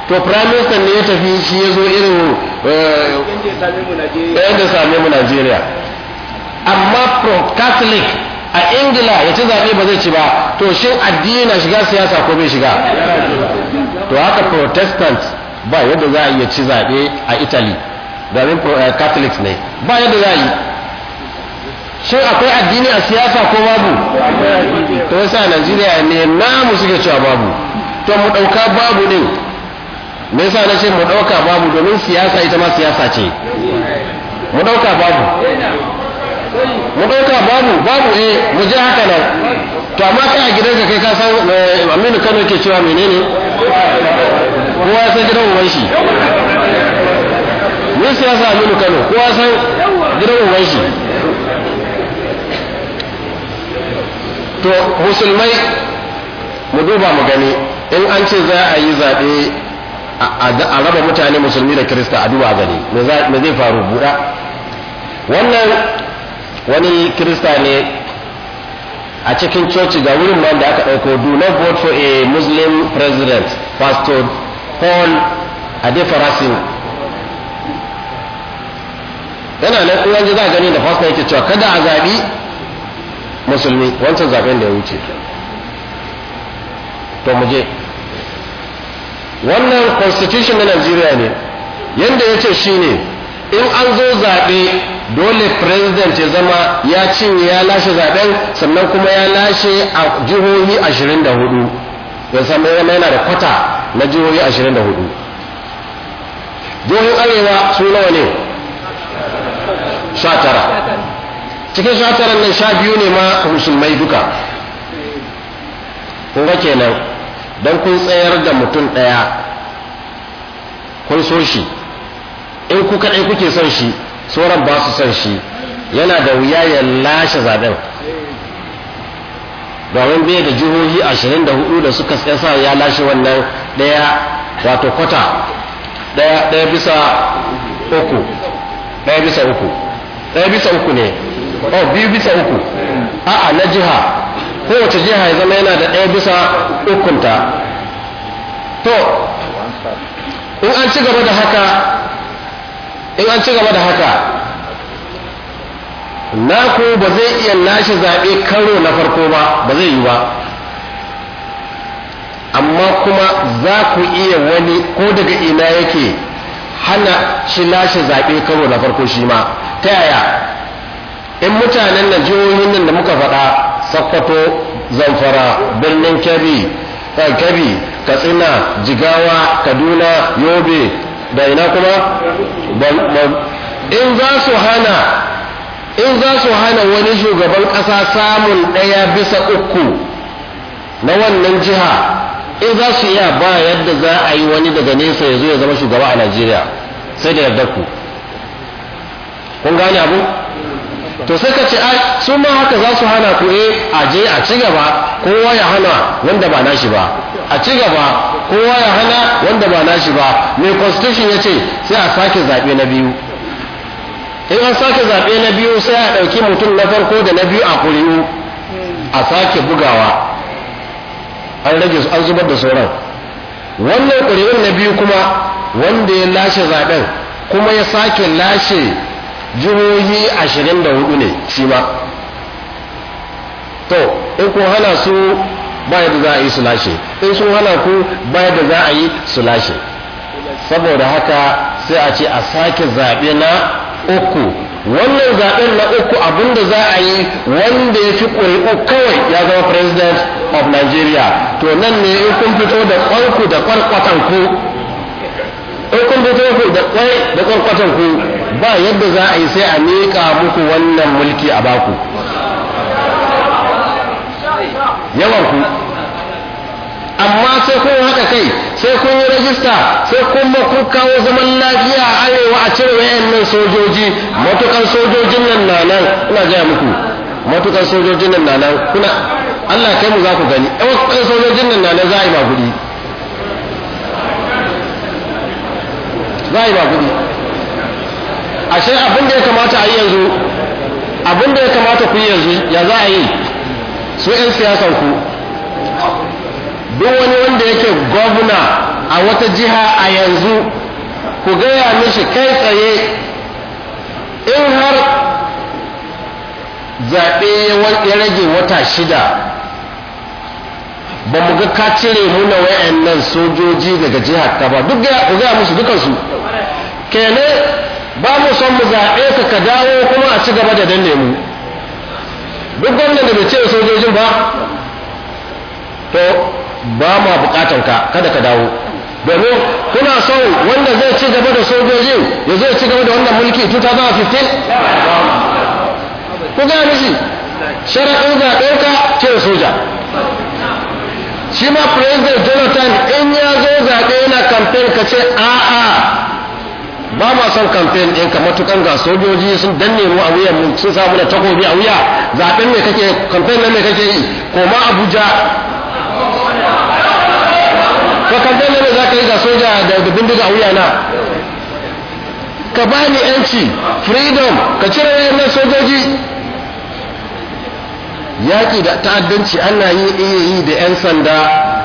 to prime minister ne ya tafi shi ya zo irin eh, yadda ya same mu Najeriya amma pro catholic a ingila ya ci zaɓe ba zai ci ba to shin addini na shiga siyasa ko bai shiga to haka protestant ba yadda za a iya ci zaɓe a italy domin eh, catholic ne ba yadda za a yi shin akwai addini a siyasa ko babu to yasa najeriya ne namu suke cewa babu to mu ɗauka babu ne. me yasa na ce mu ɗauka babu domin siyasa ita ma siyasa ce mu ɗauka babu mu ɗauka babu babu eh mu je haka nan to amma kai a gidanka kai ka san eh, aminu kano ke cewa menene kowa ya san gidan uban shi mun siyasa aminu kano kowa san gidan uban shi to musulmai mu duba mu gani in an ce za a yi zaɓe a raba mutane musulmi da kirista a duba gani me zai faru buɗa wannan wani kirista ne a cikin coci ga wurin nan da aka ɗauko do not vote for a muslim president pastor paul adefarasin yana nan kuma ji za gani da pastor yake cewa kada a zaɓi musulmi wancan zaɓen da ya wuce to mu wannan constitution na Najeriya ne yanda ya ce shi ne in an zo zaɓe dole president ya zama ya cinye ya lashe zaɓen sannan kuma ya lashe a jihohi ashirin da hudu ya samu yana da kwata na jihohi ashirin da hudu jihohin arewa su nawa ne sha tara cikin sha tara nan sha biyu ne ma musulmai duka kun kenan don kun tsayar da mutum ɗaya kun so shi in ku kaɗai kuke son shi sauran ba su son shi yana da wuya ya lashe zaɓen domin bai da jihohi ashirin da hudu da suka sa ya lashe wannan ɗaya wato kwata ɗaya bisa uku ɗaya bisa uku ɗaya bisa uku ne oh biyu bisa uku a'a na jiha kowace jiha ya zama yana da ɗaya bisa ukunta to in an ci gaba da haka in an ci gaba da haka naku ba zai iya lashe zaɓe karo na farko ba ba zai yi ba amma kuma za ku iya wani ko daga ina yake hana shi lashe zaɓe karo na farko shi ma ta yaya in mutanen na jihohin nan da muka faɗa sakkwato zamfara birnin kebbi eh, kebbi katsina jigawa kaduna yobe da ina kuma in za su hana in za su hana wani shugaban ƙasa samun ɗaya bisa uku na wannan jiha in za su iya ba yadda za a yi wani daga nesa ya zo ya zama shugaba a najeriya sai da yardar ku kun gane abu to sai ka ce ai su ma haka za su hana ku eh a je a ci gaba kowa ya hana wanda ba nashi ba a ci gaba kowa ya hana wanda ba nashi ba mai constitution ya ce sai a sake zaɓe na biyu in an sake zaɓe na biyu sai a ɗauki mutum na farko da na biyu a kuri'u a sake bugawa an rage an zubar da sauran wannan ƙuri'un na biyu kuma wanda ya lashe zaɓen kuma ya sake lashe jihohi ashirin da hudu ne shi ma to in kun hana su ba da za a yi su lashe in sun hana ku baya da za a yi su lashe saboda haka sai a ce a sake zaɓe na uku wannan zaɓen na uku abinda za a yi wanda ya fi ƙuri'u kawai ya zama president of nigeria to nan ne in kun fito da ƙwarku da da ƙwarƙwatan ku ba yadda za a yi sai a miƙa muku wannan mulki a baku yawanku amma sai kun haka kai sai kun yi rajista sai kuma kun kawo zaman lafiya a arewa a cire nan sojoji matukan sojojin nan na nan ina gaya muku matukan sojojin nan na nan kuna Allah kai mu za ku gani ɗan sojojin nan na nan za a yi kuɗi. za a yi kuɗi. ashe abin da ya kamata a yi yanzu abin da ya kamata ku yi yanzu ya za a yi su 'yan siyasar ku duk wani wanda yake gwamna a wata jiha a yanzu ku gaya mishi kai tsaye in har zaɓe ya rage wata shida ba mu ga ka cire nuna wayannan sojoji daga jihar ta ba duk gaya musu dukansu kenan ba mu son mu zaɓe ka ka dawo kuma a ci gaba da danne mu duk gwamnan da bai ce sojojin ba to ba ma bukatan ka kada ka dawo domin kuna son wanda zai ci gaba da sojojin ya zai ci gaba da wannan mulki 2015 ku ga mishi sharaɗin ka, cire soja shi ma president jonathan in ya zo zaɓe yana kamfen ka ce a'a ba ma son kamfen ɗin ka matukan ga sojoji sun danne mu a wuyan mu sun samu da takobi a wuya zaɓen me kake kamfen na me kake yi ko ma abuja ko kamfen na me za ka yi ga soja da bindiga a wuya na ka ni yanci freedom ka cire wayannan sojoji yaƙi da ta'addanci ana yi iya yi da 'yan sanda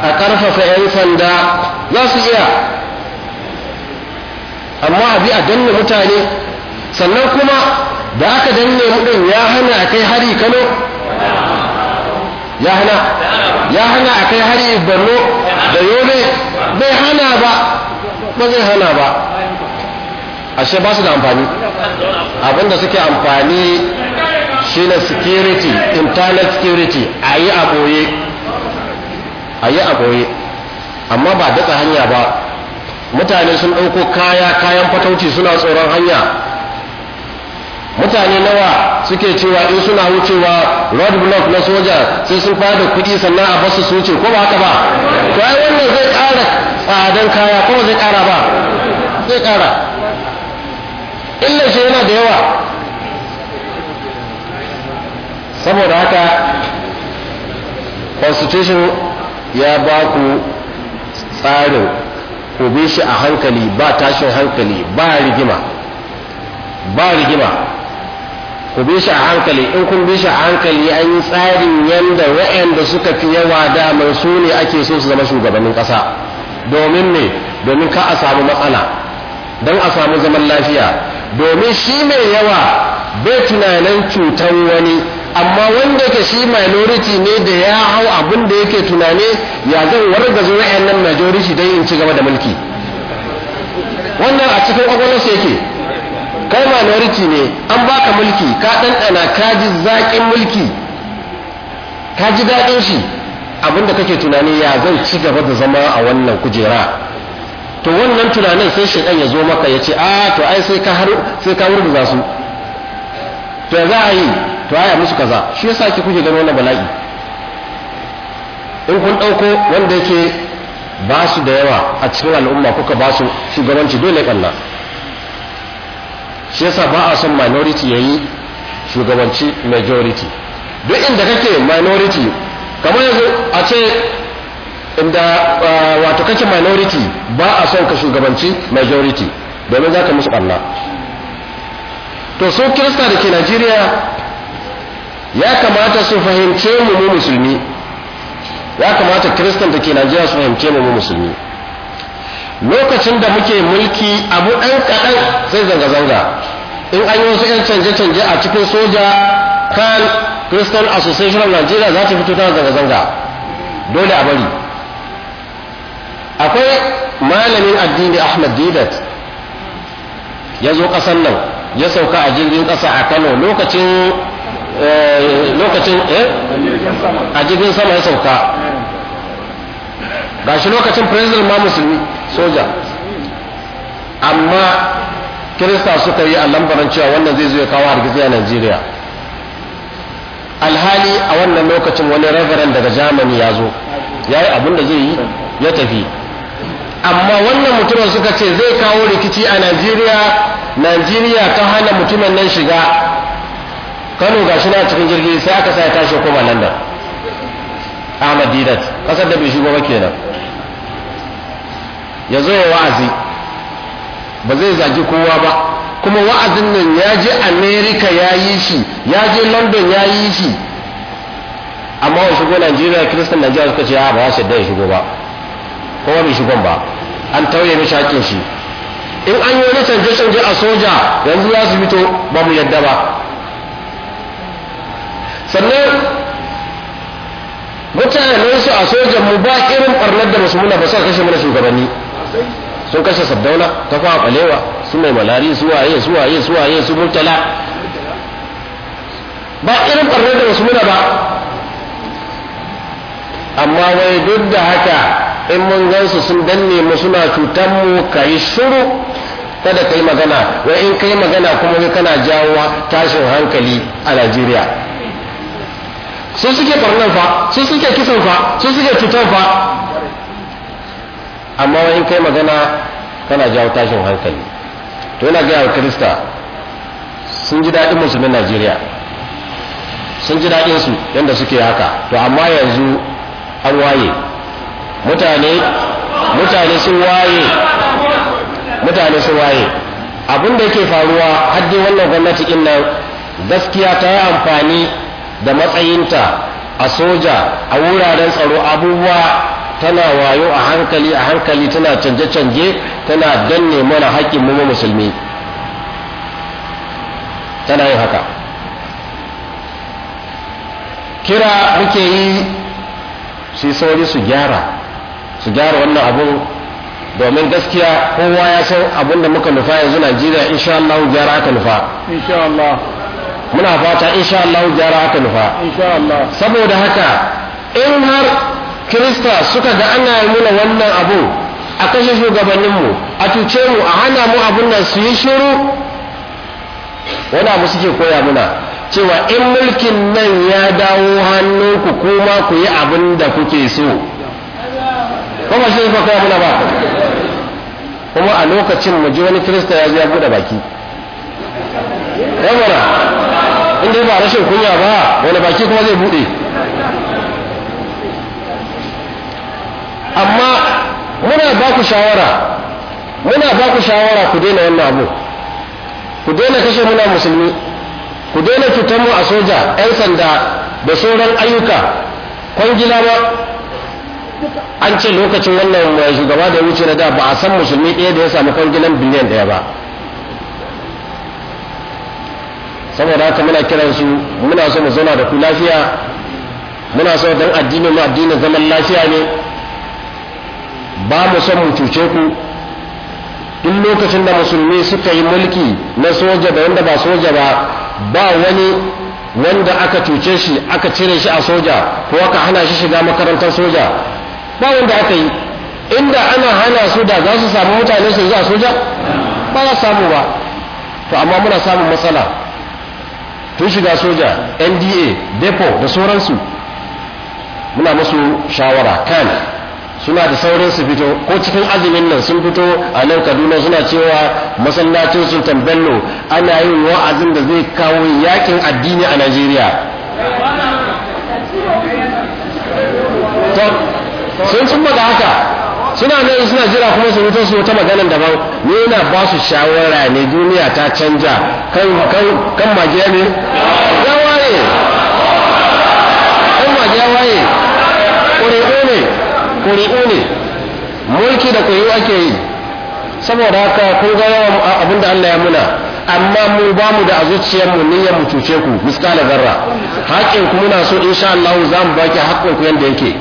a ƙarfafa 'yan sanda za su iya amma a bi a danne mutane sannan kuma da aka danne mutum ya hana a kai hari kano ya hana ya hana a kai hari borno da yobe bai hana ba ba zai hana ba ashe ba su da amfani abinda suke amfani shi na security internet security a yi a a yi a amma ba daga hanya ba mutane sun ɗauko kaya kayan fatauci suna tsoron hanya mutane nawa suke cewa in suna wucewa road block na soja sai sun fada kuɗi sannan a basu su wuce ko ba haka ba to ai wannan zai ƙara tsadan kaya ko zai ƙara ba zai ƙara illa shi yana da yawa saboda haka constitution ya ba ku tsarin ku bi shi a hankali ba tashin hankali ba rigima ba rigima ku bi shi a hankali in kun bi shi a hankali an yi tsarin yadda wa'anda suka fi yawa da su ne ake so su zama shugabannin ƙasa domin ne domin ka a samu matsala don a samu zaman lafiya domin shi mai yawa bai tunanin cutar wani amma wanda yake shi minority ne da ya hau abin da yake tunane ya zan yan nan majority dai in ci gaba da mulki wannan a cikin kwakwalwarsa yake kai minority ne an baka mulki ka ɗanɗana ka ji zaƙin mulki ka ji daɗin shi abin da kake tunani ya zan ci gaba da zama a wannan kujera to wannan tunanin sai shaidan ya zo maka ya ce a ah, to ai sai ka har sai ka wurga su to za a yi to aya musu kaza shi yasa ki kuke gano wannan bala'i in kun ɗauko wanda yake ba su da yawa a cikin al'umma kuka ba su shugabanci dole kalla shi yasa ba a son minority ya yi shugabanci majority duk inda kake minority kamar yanzu a ce inda uh, wato kake minority ba a son ka shugabanci majority domin za ka musu kalla to so kirista da ke najeriya ya kamata su fahimce mu mu musulmi ya kamata kiristan da ke najeriya su fahimce mu mu musulmi lokacin da muke mulki abu ɗan kaɗan sai zanga-zanga in an yi wasu 'yan canje-canje a cikin soja kan christian association of nigeria za ta fito tana zanga-zanga dole a bari akwai malamin addini ahmad didat ya zo ƙasan nan ya sauka a jirgin ƙasa a kano lokacin Eh, lokacin eh? a jirgin sama ya sauka ga shi lokacin president ma musulmi soja amma kirista suka yi allambaran cewa wannan zai zo ya kawo hargitsi a najeriya alhali a wannan lokacin wani reverend daga jamani ya zo ya yi abin da zai yi ya tafi amma wannan mutumin suka ce zai kawo rikici a najeriya najeriya ta hana mutumin nan shiga kano gashi na cikin jirgi sai aka sa ya tashi koma london a madina kasar da bai shigo ba kenan ya zo ya wa'azi ba zai zagi kowa ba kuma wa'azin nan ya je america ya yi shi ya je london ya yi shi amma wa shigo najeriya kiristan najeriya suka ce ah, ba za su ya shigo ba kowa bai shigon ba an tauye mishi hakin shi in an yi wani canje-canje a soja yanzu za su fito ba mu yadda ba sannan mutanen su a sojan mu ba irin barnar da basu muna ba sa kashe mana shugabanni sun kashe sabdauna ta kwa balewa su mai malari su waye su waye su waye su murtala ba irin barnar da basu muna ba amma wai duk da haka in mun gansu sun danne mu suna cutar mu kai shuru kada kai magana wai in kai magana kuma kana jawo tashin hankali a Najeriya su suke barnan fa su suke kisan fa su suke cutar fa amma in kai magana kana jawo tashin hankali to yana gaya wa kirista sun ji daɗin musulmin najeriya sun ji daɗin su yadda suke haka to amma yanzu an waye mutane mutane sun waye mutane sun waye abin da yake faruwa haddin wannan gwamnati nan gaskiya ta yi amfani da matsayinta a soja a wuraren tsaro abubuwa tana wayo a hankali a hankali tana canje-canje tana danne mana haƙƙin mu musulmi tana yin haka kira muke yi shi sauri su gyara su gyara wannan abu domin gaskiya kowa ya san abin da muka nufa yanzu najeriya insha Allah gyara aka nufa insha Allah muna fata insha Allah gyara haka nufa saboda haka in har kirista suka ga ana yi muna wannan abu a kashe shugabannin mu a tuce mu a hana mu abun nan su yi shiru wani abu suke koya muna cewa in mulkin nan ya dawo ku kuma ku yi abin da kuke so kuma shi ba koya muna ba kuma a lokacin mu ji wani kirista ya zo ya bude baki yawara in dai ba rashin kunya ba wani baki kuma zai buɗe? amma muna ba ku shawara muna ba ku shawara ku daina wannan abu ku daina kashe muna musulmi ku daina cutar mu a soja 'yan sanda da sauran ayyuka kwangila ba an ce lokacin wannan mai eh, shugaba da wuce na da ba a san musulmi ɗaya da ya samu kwangilan biliyan ɗaya ba saboda haka muna kiran su muna so mu zauna da ku lafiya muna so don addinin mu addinin zaman lafiya ne ba mu son mu cuce ku duk lokacin da musulmi suka yi mulki na soja da wanda ba soja ba ba wani wanda aka cuce shi aka cire shi a soja ko aka hana shi shiga makarantar soja ba wanda aka yi inda ana hana su da za su samu mutane su yi a soja ba za su samu ba to amma muna samun matsala tun shiga soja nda depo da sauransu muna musu shawara kan suna da saurin su fito ko cikin azumin nan sun fito a nan kaduna suna cewa masallacin sultan bello ana yin wa'azin da zai kawo yakin addini a najeriya sun sun da haka suna nan suna jira kuma su mutu su wata maganan daban ni na ba su shawara ne duniya ta canja kan kan kan magiya ne ya waye kan magiya waye ƙuri'u ne ne mulki da ƙuri'u ake yi saboda haka kun ga yawan abin da Allah ya muna amma mu ba mu da azuciyar mu niyyar mu cuce ku miskala zarra haƙƙin ku muna so insha Allah za mu baki haƙƙin ku yanda yake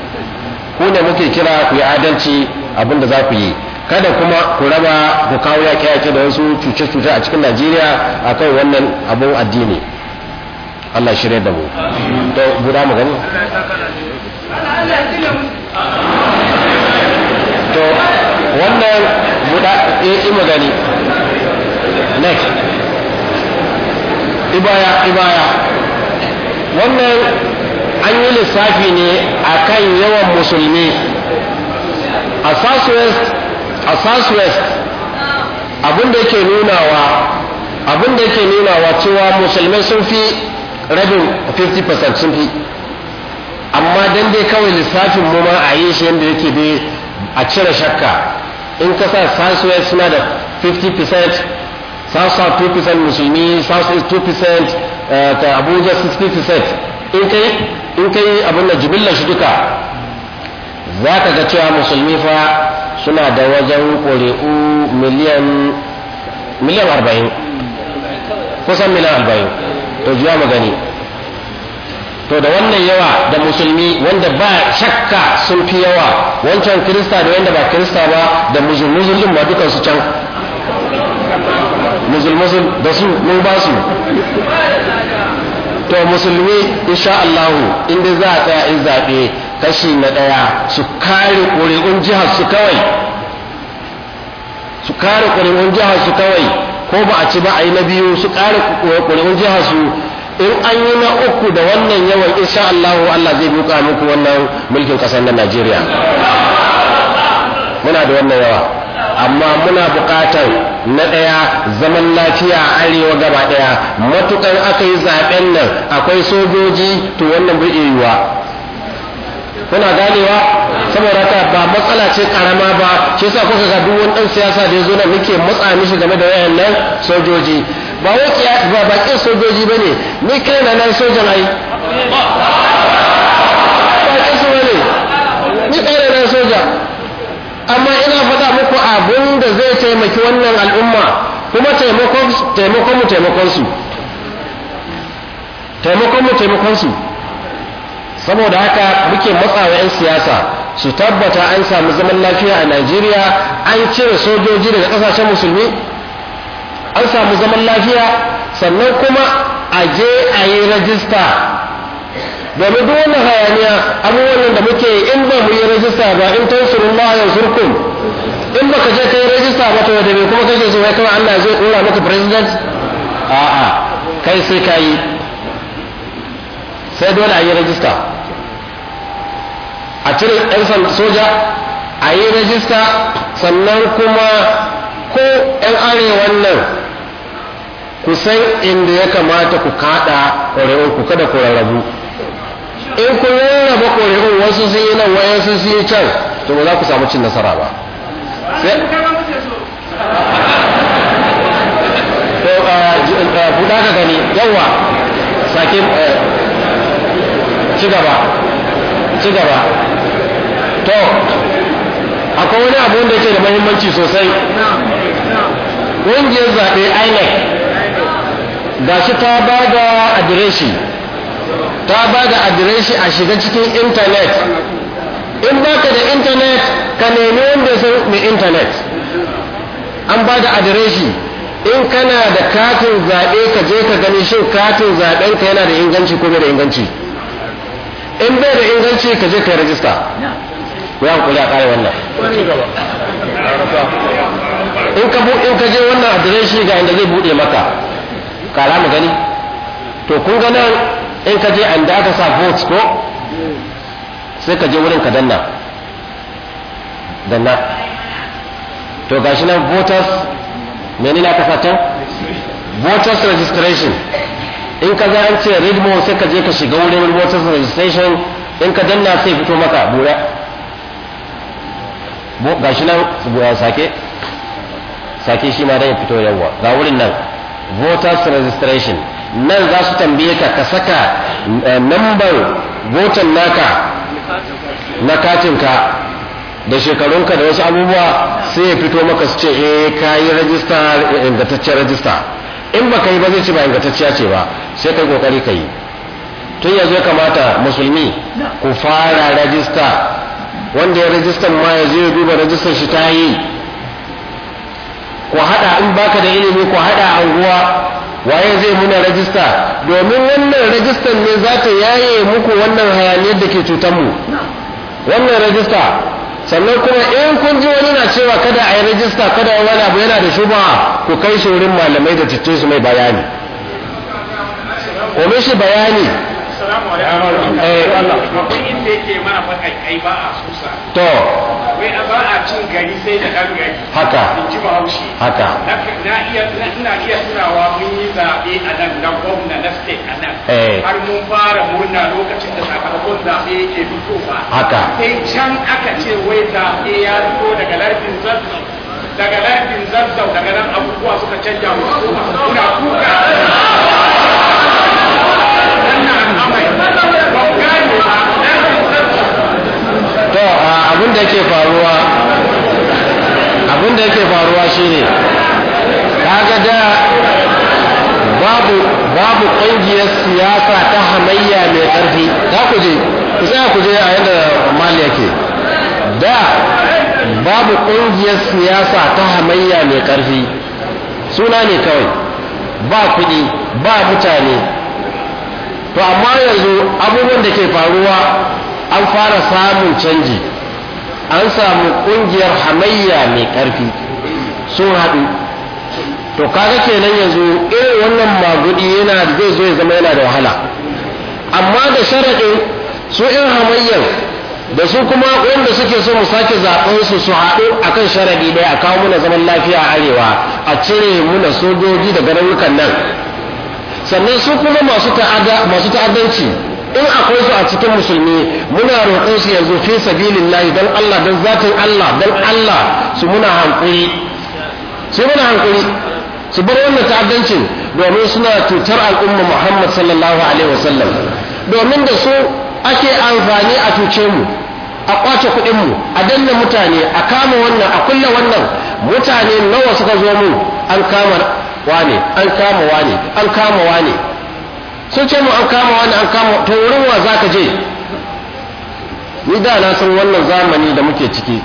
ku ne muke kira ku yi adalci abin da za ku yi kada kuma ku raba ku kawo yaƙe-yaƙe da wasu cuce-cuce a cikin najeriya a kan wannan abin addini allah shirya da mu to guda mu gani to wannan guda yi eh, magani next ibaya ibaya wannan an yi lissafi ne a kan yawan musulmi a southwest a southwest abinda yake nunawa abinda yake nunawa cewa musulmai sun fi rabin 50% sun fi amma dan dai kawai lissafin mu ma a yi shi yadda yake dai a cire shakka in ka sa southwest suna da 50% south south 2% musulmi south east 2% eh, ta abuja 60% in kai in kai abin da shi duka za ka ga cewa musulmi fa suna da wajen ƙuri'u miliyan arba'in kusan miliyan arba'in to juya magani gani to da wannan yawa da musulmi wanda ba shakka sun fi yawa wancan kirista da wanda ba kirista ba da musulmusulun ba dukansu can musulmusul da su mun ba su to musulmi insha Allah inda za a tsaya in zaɓe kashi na ɗaya su kare ƙuri'un jihar su kawai su kare ƙuri'un jihar su kawai ko ba a ci ba a yi na biyu su kare ƙuri'un jihar su in an yi na uku da wannan yawan insha Allahu Allah zai buka muku wannan mulkin ƙasar na Najeriya muna da wannan yawa amma muna buƙatar na ɗaya zaman lafiya arewa gaba ɗaya matuƙar aka yi zaɓen nan akwai sojoji to wannan bai iya yiwuwa kuna ganewa saboda ka ba matsala ce karama ba shi yasa kuka ga duk wani dan siyasa da yazo nan muke matsa mishi game da wayannan sojoji ba wuce kiyas ba bakin sojoji bane ni kai na nan sojan ai bakin so bane ni kai na nan soja amma ina faɗa muku abun da zai taimaki wannan al'umma kuma taimakon mu taimakon su taimakon mu taimakon su saboda haka muke matsawa 'yan siyasa su tabbata an sami zaman lafiya a najeriya an cire sojoji daga kasashen musulmi an samu zaman lafiya sannan kuma a je a yi rajista domin duk wannan hayaniya abubuwan da muke in ba mu yi rajista ba in tansurullah yansurkum in baka je kai rajista ba ta da kuma kake so kai kawai Allah zai dora maka president a'a kai sai yi. sai dole a yi rajista a cire yan soja a yi rajista sannan kuma ko yan arewan nan ku san inda ya kamata ku kada ƙuri'un ku kada ku rarrabu in ku rarraba ƙuri'un wasu sun yi nan wayan sun yi can to ba za ku samu cin nasara ba buɗa ka gani yawa sake eh, ci gaba ci gaba to akwai wani abu wanda yake da mahimmanci sosai ƙungiyar zaɓe inec ga shi ta ba da adireshi ta ba da adireshi a shiga cikin intanet in baka da intanet ka nemi wanda san mai intanet an ba da adireshi in kana da katin zaɓe ka je ka gani shin katin zaɓen ka yana da inganci ko bai da inganci in bai da inganci ka je ka yi rajista ku ya kula kare wannan in ka in ka je wannan adireshi ga inda zai bude maka kara mu gani to kun ga nan in ka je inda aka sa vote ko sai ka je wurin ka danna danna to gashi nan voters menene aka sa can voters registration in ka za an ce Red more sai ka je ka shiga wurin voters registration in ka danna sai fito maka bura gashi nan uh, sake sake shi ma dai fito yawa ga wurin nan voters registration nan za su tambaye ka ka saka uh, nambar voter naka na katin ka da shekarunka da wasu abubuwa sai ya fito maka su ce eh ka yi eh, ingantacciyar register in ba ka yi ba zai ce ba ingantacciya ce ba sai kai kokari ka yi tun yanzu ya kamata musulmi ku fara rajista wanda ya rajistan ma ya je ya duba rajistan shi ta yi ku haɗa in baka da ilimi ku haɗa anguwa waye zai muna rajista domin wannan rajistan ne za ta yaye muku wannan hayaniyar da ke cutar mu wannan rajista sannan kuma in kun ji wani na cewa kada a yi rajista kada wani abu yana da shuba ku kai shi wurin malamai da cikin su mai bayani ku shi bayani assalamu alaikum akwai eh, inda yake mana fakai ba a susa to wai ba a cin gari sai da dan gari haka in ji bahaushe haka na iya ina iya tunawa mun yi zabe a nan na gwamna na state a nan eh. har mun fara murna lokacin da sakamakon zabe yake fitowa haka sai can aka ce wai zabe ya fito daga lardin zazzau daga lardin zazzau daga nan abubuwa suka canja musu kuma kuna kuka to abin da ke faruwa abin da yake faruwa shine kaga da babu babu kungiyar siyasa ta hamayya mai karfi ta kuje je ku tsaya a yadda mali yake da babu kungiyar siyasa ta hamayya mai karfi suna ne kawai ba kudi ba mutane to amma yanzu abubuwan da ke faruwa an fara samun canji an samu ƙungiyar hamayya mai ƙarfi sun haɗu to kaga kenan yanzu irin wannan magudi yana zai zo ya zama yana da wahala amma da sharaɗin su in hamayyar da su kuma wanda suke so mu sake zaɓen su su haɗu a kan sharaɗi ɗaya a kawo muna zaman lafiya a arewa a cire muna sojoji daga raunukan nan sannan su kuma masu ta'addanci in akwai su a cikin musulmi muna roƙon su yanzu fi sabilillahi dan Allah dan zatin Allah dan Allah su muna hankuri su muna hankuri su bar wannan ta'addancin domin suna cutar al'umma Muhammad sallallahu alaihi wasallam domin da su ake amfani a cuce mu a kwace kuɗin mu a danna mutane a kama wannan a kulle wannan mutane nawa suka zo mu an kama wane an kama wane an kama wane sun ce mu an kama wani an kama to wurin wa za ka je ni da na san wannan zamani da muke ciki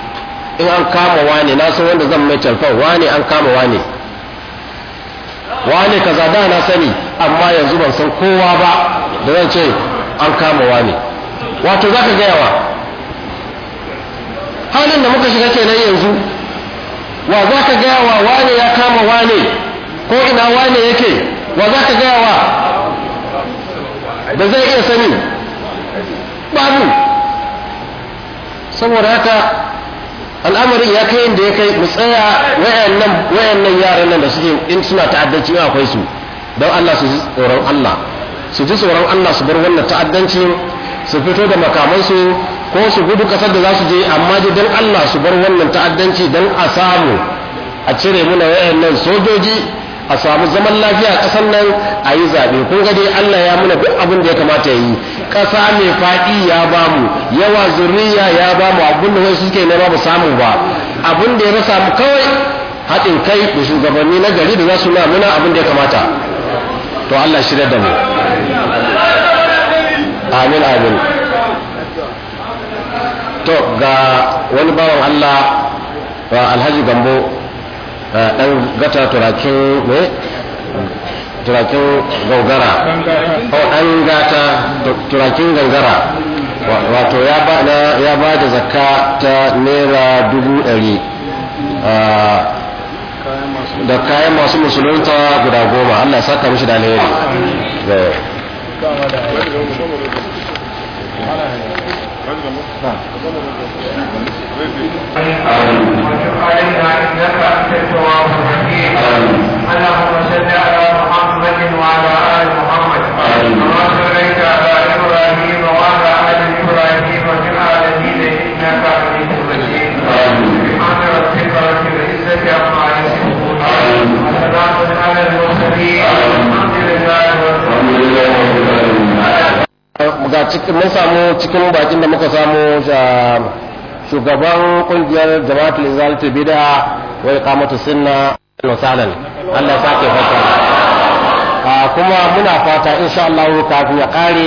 in an kama wani na san wanda zan mai calfan wani an kama wani wani kaza da na sani amma yanzu ban san kowa ba da zan ce an kama wani wato za ka gayawa halin da muka shiga kenan yanzu wa za ka gayawa wane ya kama wani ko ina wani yake wa za ka gayawa da zai iya sani babu saboda haka al'amarin ya kai inda ya kai mu tsaya wayannan yaran nan da suke in suna ta'addanci in akwai su don Allah su ji tsoron Allah su ji tsoron Allah su bar wannan ta'addanci su fito da makamansu ko su gudu kasar da za su je amma dai don Allah su bar wannan ta'addanci don a samu a cire muna wayannan sojoji a samu zaman lafiya a ƙasar nan a yi zaɓe kun ga dai Allah ya muna duk abin da ya kamata ya yi ƙasa mai faɗi ya ba mu yawa zuriya ya ba mu abin da wasu suke nema ba samu ba abin da ya rasa mu kawai haɗin kai da shugabanni na gari da za su muna abin da ya kamata to Allah shirya da mu amin amin to ga wani bawan Allah alhaji gambo Eh, dan gata turakin ne turakin gaugara ko dan gata turakin gangara oh, wato ya ba da ya ba da zakka ta naira dubu ɗari eh, da kayan masu musulunta guda goma allah ya saka mishi da alheri eh. علينا انك انت الجواب الحكيم اللهم صل على محمد وعلى ال محمد ga cikin mun samu cikin bakin da muka samu ah, shugaban kungiyar jama'atul izalatul bid'a wa iqamatu sunna nusalan Allah sake fata ah, kuma muna fata insha Allah kafin ya kare